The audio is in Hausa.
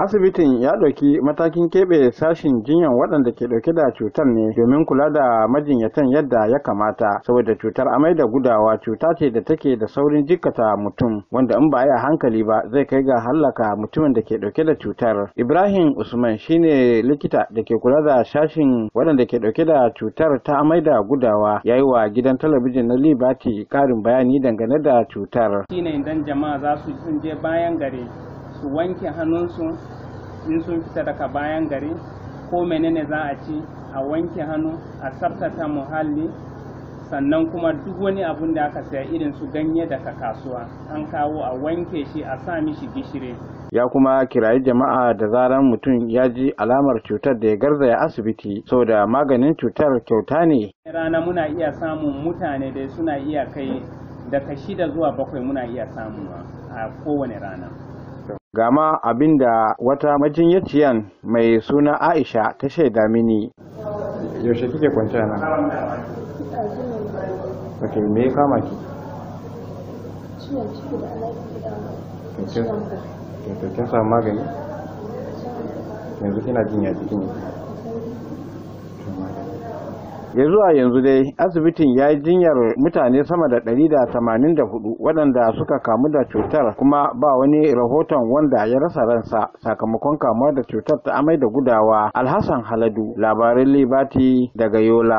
asibitin ya ɗauki matakin keɓe sashin jinyan waɗanda ke ɗauke da cutar ne domin kula da majinyatan yadda ya kamata saboda cutar amai da gudawa cuta ce da take da saurin jikkata mutum wanda in ba a yi hankali ba zai kai ga hallaka mutumin da ke ɗauke da cutar ibrahim usman shine likita da ke kula da sashin waɗanda ke ɗauke da cutar ta amai da gudawa ya yi wa gidan talabijin na libati karin bayani dangane da cutar shine idan jama'a za su je bayan gari su wanke hannunsu in sun fita daga bayan gari ko menene za a ci a wanke hannu a tsabtata muhalli sannan kuma duk wani abun da aka saya irin su ganye daga kasuwa an kawo a wanke shi a sa mishi gishiri ya kuma kirayi jama'a da zaran mutum ya ji alamar cutar da ya garzaya asibiti so da maganin cutar kyauta ne rana muna iya samun mutane da suna iya kai daga shida zuwa bakwai muna iya samuwa a kowane rana Ga ma abin da wata majinyaciyan mai suna Aisha ta shaida mini. Yaushe kike kwanciya nan? Ok, me ya kama ki? Ciwon ciki da alaƙi da samu magani? Yanzu kina jin ya jikin ya zuwa yanzu dai asibitin ya yi jinyar mutane sama da 184 waɗanda suka kamu da cutar kuma ba wani rahoton wanda ya rasa ransa sakamakon kamuwa da cutar ta amai da gudawa alhassan haladu labarin libati daga yola